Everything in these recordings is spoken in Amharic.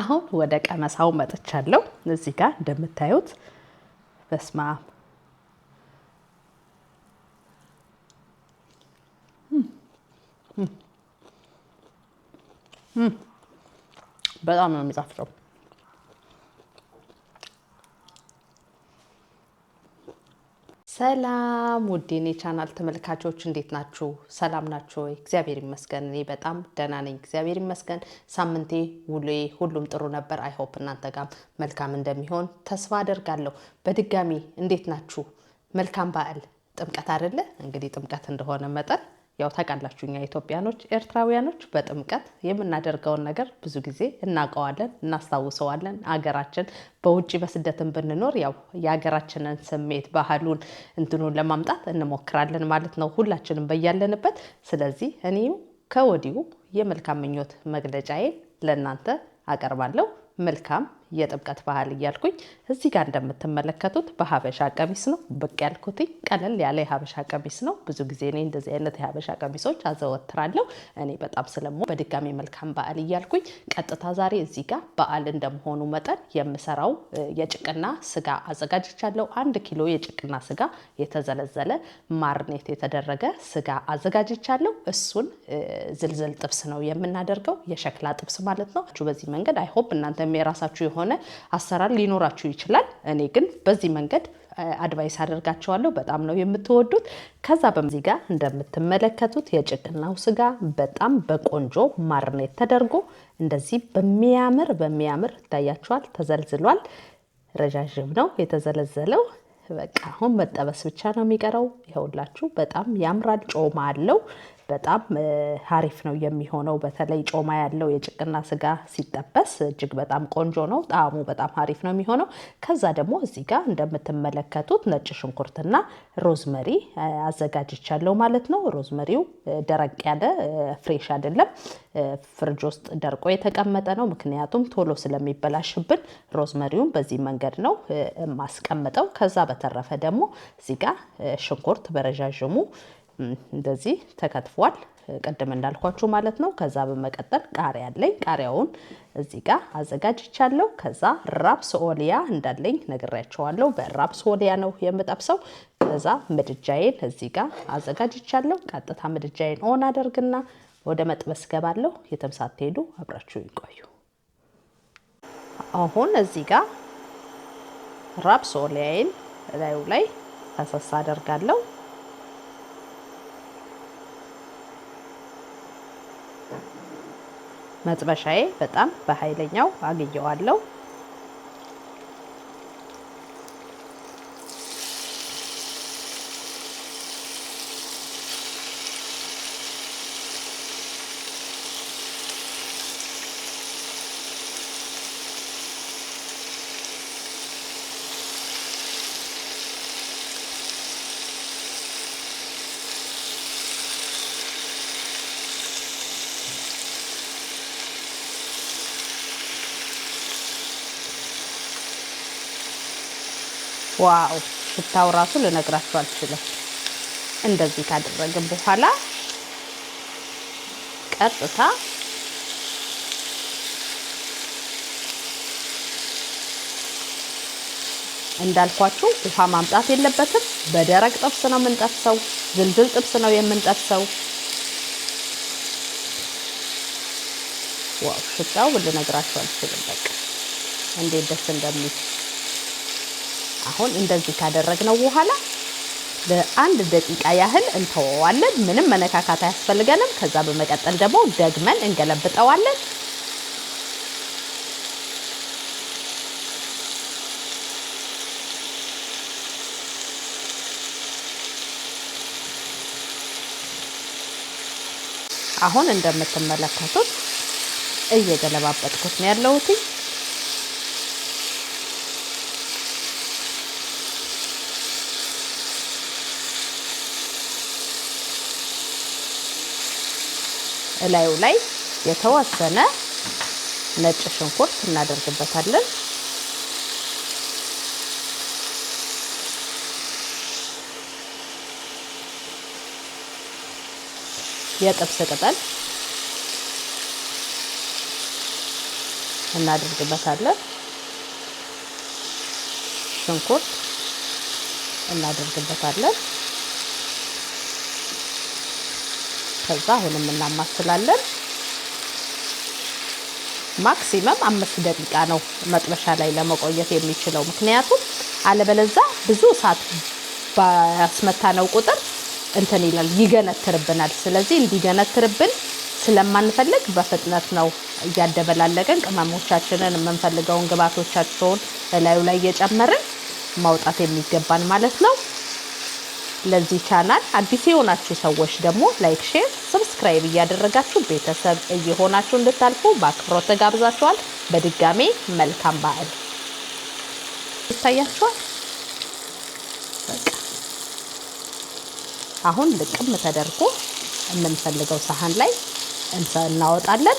አሁን ወደ ቀመሳው መጥቻለሁ። እዚህ ጋር እንደምታዩት በስማ በጣም ነው የሚጣፍጠው። ሰላም ውዴን የቻናል ተመልካቾች እንዴት ናችሁ? ሰላም ናችሁ? እግዚአብሔር ይመስገን እኔ በጣም ደህና ነኝ፣ እግዚአብሔር ይመስገን። ሳምንቴ ውሎዬ ሁሉም ጥሩ ነበር። አይሆፕ እናንተ ጋም መልካም እንደሚሆን ተስፋ አደርጋለሁ። በድጋሚ እንዴት ናችሁ? መልካም በዓል። ጥምቀት አይደለ እንግዲህ ጥምቀት እንደሆነ መጠን ያው ታውቃላችሁ እኛ ኢትዮጵያኖች ኤርትራውያኖች በጥምቀት የምናደርገውን ነገር ብዙ ጊዜ እናውቀዋለን፣ እናስታውሰዋለን። አገራችን በውጭ በስደትን ብንኖር ያው የሀገራችንን ስሜት ባህሉን እንትኑን ለማምጣት እንሞክራለን ማለት ነው ሁላችንም በያለንበት። ስለዚህ እኔ ከወዲሁ የመልካም ምኞት መግለጫዬን ለእናንተ አቀርባለሁ። መልካም የጥምቀት ባህል እያልኩኝ እዚህ ጋር እንደምትመለከቱት በሀበሻ ቀሚስ ነው ብቅ ያልኩትኝ። ቀለል ያለ የሀበሻ ቀሚስ ነው። ብዙ ጊዜ እኔ እንደዚህ አይነት የሀበሻ ቀሚሶች አዘወትራለሁ። እኔ በጣም ስለሞ በድጋሚ መልካም በዓል እያልኩኝ ቀጥታ ዛሬ እዚህ ጋር በዓል እንደመሆኑ መጠን የምሰራው የጭቅና ስጋ አዘጋጅቻለሁ። አንድ ኪሎ የጭቅና ስጋ የተዘለዘለ ማርኔት የተደረገ ስጋ አዘጋጅቻለሁ። እሱን ዝልዝል ጥብስ ነው የምናደርገው፣ የሸክላ ጥብስ ማለት ነው። በዚህ መንገድ አይሆፕ እናንተ የራሳችሁ የሆነ አሰራር ሊኖራችሁ ይችላል። እኔ ግን በዚህ መንገድ አድቫይስ አደርጋቸዋለሁ። በጣም ነው የምትወዱት። ከዛ በዚህ ጋር እንደምትመለከቱት የጭቅናው ስጋ በጣም በቆንጆ ማርኔት ተደርጎ እንደዚህ በሚያምር በሚያምር ይታያቸዋል። ተዘልዝሏል። ረዣዥም ነው የተዘለዘለው። በቃ አሁን መጠበስ ብቻ ነው የሚቀረው። ይኸውላችሁ በጣም ያምራል። ጮማ አለው። በጣም ሀሪፍ ነው የሚሆነው። በተለይ ጮማ ያለው የጭቅና ስጋ ሲጠበስ እጅግ በጣም ቆንጆ ነው። ጣዕሙ በጣም ሀሪፍ ነው የሚሆነው። ከዛ ደግሞ እዚህ ጋር እንደምትመለከቱት ነጭ ሽንኩርትና ሮዝመሪ አዘጋጅቻለሁ ማለት ነው። ሮዝመሪው ደረቅ ያለ ፍሬሽ አይደለም፣ ፍርጅ ውስጥ ደርቆ የተቀመጠ ነው። ምክንያቱም ቶሎ ስለሚበላሽብን ሮዝመሪውን በዚህ መንገድ ነው ማስቀምጠው። ከዛ በተረፈ ደግሞ እዚህ ጋር ሽንኩርት በረዣዥሙ እንደዚህ ተከትፏል፣ ቅድም እንዳልኳችሁ ማለት ነው። ከዛ በመቀጠል ቃሪያ አለኝ። ቃሪያውን እዚህ ጋር አዘጋጅቻለሁ። ከዛ ራፕስ ኦሊያ እንዳለኝ ነግሬያቸዋለሁ። በራፕስ ኦሊያ ነው የምጠብሰው። ከዛ ምድጃዬን እዚህ ጋር አዘጋጅቻለሁ። ቀጥታ ምድጃዬን ኦን አደርግና ወደ መጥበስ ገባለሁ። የትም ሳትሄዱ አብራችሁ ይቆዩ። አሁን እዚህ ጋር ራፕስ ኦሊያዬን ላዩ ላይ ፈሰስ አደርጋለሁ። መጥበሻዬ በጣም በኃይለኛው አግየዋለሁ። ዋው ሽታው ራሱ ልነግራችሁ አልችልም። እንደዚህ ካደረግን በኋላ ቀጥታ እንዳልኳችሁ ውሃ ማምጣት የለበትም። በደረቅ ጥብስ ነው የምንጠብሰው። ዝልዝል ጥብስ ነው የምንጠብሰው። ዋው ሽታው ልነግራችሁ አልችልም። በቃ እንዴት ደስ እንደሚል አሁን እንደዚህ ካደረግነው በኋላ ለአንድ ደቂቃ ያህል እንተወዋለን። ምንም መነካካት አያስፈልገንም። ከዛ በመቀጠል ደግሞ ደግመን እንገለብጠዋለን። አሁን እንደምትመለከቱት እየገለባበጥኩት ነው ያለሁት። እላዩ ላይ የተወሰነ ነጭ ሽንኩርት እናደርግበታለን። የጥብስ ቅጠል እናደርግበታለን። ሽንኩርት እናደርግበታለን። ከዛ አሁንም እናማስላለን። ማክሲመም አምስት ደቂቃ ነው መጥበሻ ላይ ለመቆየት የሚችለው። ምክንያቱም አለበለዛ ብዙ እሳት ባስመታነው ቁጥር እንትን ይላል፣ ይገነትርብናል። ስለዚህ እንዲገነትርብን ስለማንፈልግ በፍጥነት ነው እያደበላለገን ቅመሞቻችንን የምንፈልገውን ግብአቶቻቸውን እላዩ ላይ እየጨመርን ማውጣት የሚገባን ማለት ነው። ለዚህ ቻናል አዲስ የሆናችሁ ሰዎች ደግሞ ላይክ፣ ሼር፣ ሰብስክራይብ እያደረጋችሁ ቤተሰብ እየሆናችሁ እንድታልፉ በአክብሮት ተጋብዛችኋል። በድጋሜ መልካም በዓል። ይታያችኋል። አሁን ልቅም ተደርጎ የምንፈልገው ሳህን ላይ እናወጣለን።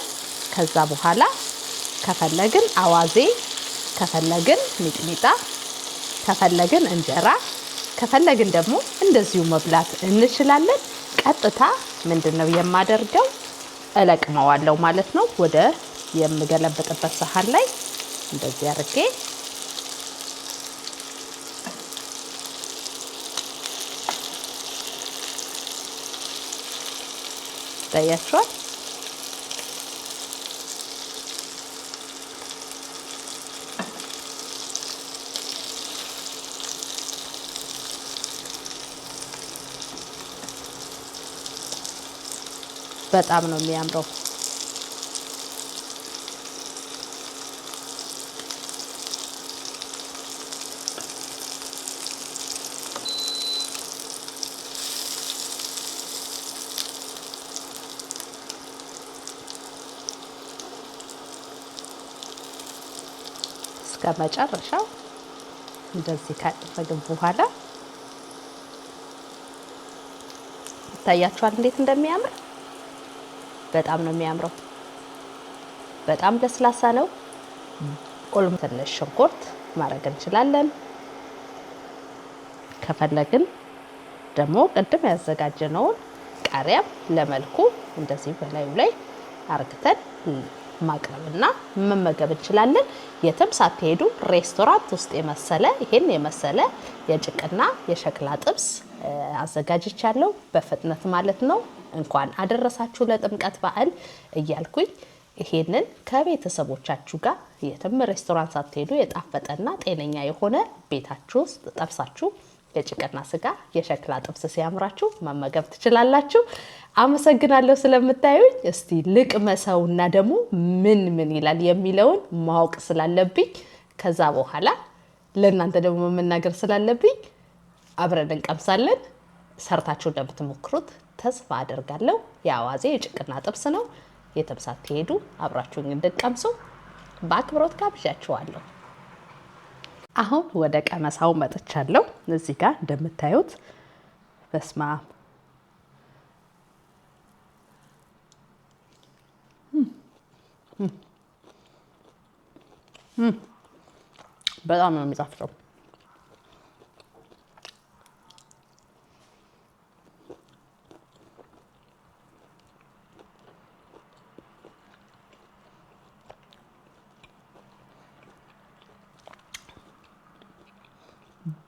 ከዛ በኋላ ከፈለግን አዋዜ፣ ከፈለግን ሚጥሚጣ፣ ከፈለግን እንጀራ ከፈለግን ደግሞ እንደዚሁ መብላት እንችላለን። ቀጥታ ምንድን ነው የማደርገው እለቅመዋለሁ ማለት ነው። ወደ የምገለብጥበት ሰሃን ላይ እንደዚህ አድርጌ ታያችኋል። በጣም ነው የሚያምረው። እስከ መጨረሻው እንደዚህ ካደረግን በኋላ ይታያችኋል እንዴት እንደሚያምር። በጣም ነው የሚያምረው። በጣም ለስላሳ ነው። ቆልም ትንሽ ሽንኩርት ማድረግ እንችላለን። ከፈለግን ደግሞ ቅድም ያዘጋጀነውን ቃሪያም ለመልኩ እንደዚህ በላዩ ላይ አርግተን ማቅረብና መመገብ እንችላለን። የትም ሳትሄዱ ሬስቶራንት ውስጥ የመሰለ ይህን የመሰለ የጭቅና የሸክላ ጥብስ አዘጋጅቻለሁ በፍጥነት ማለት ነው። እንኳን አደረሳችሁ ለጥምቀት በዓል እያልኩኝ ይሄንን ከቤተሰቦቻችሁ ጋር የትም ሬስቶራንት ሳትሄዱ የጣፈጠና ጤነኛ የሆነ ቤታችሁ ውስጥ ጠብሳችሁ የጭቅና ስጋ የሸክላ ጥብስ ሲያምራችሁ መመገብ ትችላላችሁ። አመሰግናለሁ ስለምታዩኝ። እስቲ ልቅመሰውና ደግሞ ምን ምን ይላል የሚለውን ማወቅ ስላለብኝ ከዛ በኋላ ለእናንተ ደግሞ መናገር ስላለብኝ አብረን እንቀምሳለን። ሰርታችሁ እንደምትሞክሩት ተስፋ አደርጋለሁ። የአዋዜ የጭቅና ጥብስ ነው። የተብሳት ትሄዱ አብራችሁኝ እንድትቀምሱ በአክብሮት ጋብዣችኋለሁ። አሁን ወደ ቀመሳው መጥቻለሁ። እዚህ ጋር እንደምታዩት በስማ በጣም ነው የሚጣፍጠው።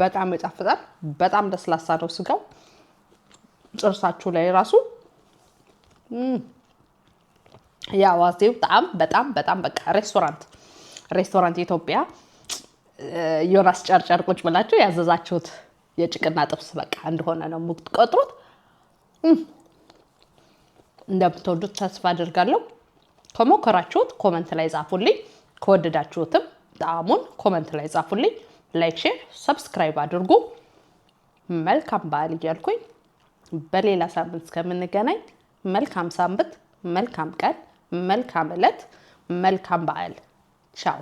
በጣም ይጣፍጣል። በጣም ለስላሳ ነው ስጋው። ጥርሳችሁ ላይ ራሱ የአዋዜው ጣዕም በጣም በጣም በቃ ሬስቶራንት ሬስቶራንት ኢትዮጵያ ዮናስ ጨርጨር ቁጭ ብላችሁ ያዘዛችሁት የጭቅና ጥብስ በቃ እንደሆነ ነው የምትቆጥሩት። እንደምትወዱት ተስፋ አድርጋለሁ። ከሞከራችሁት ኮመንት ላይ ጻፉልኝ። ከወደዳችሁትም ጣዕሙን ኮመንት ላይ ጻፉልኝ። ላይክ፣ ሼር፣ ሰብስክራይብ አድርጉ። መልካም በዓል እያልኩኝ በሌላ ሳምንት እስከምንገናኝ መልካም ሳምንት፣ መልካም ቀን፣ መልካም ዕለት፣ መልካም በዓል። ቻው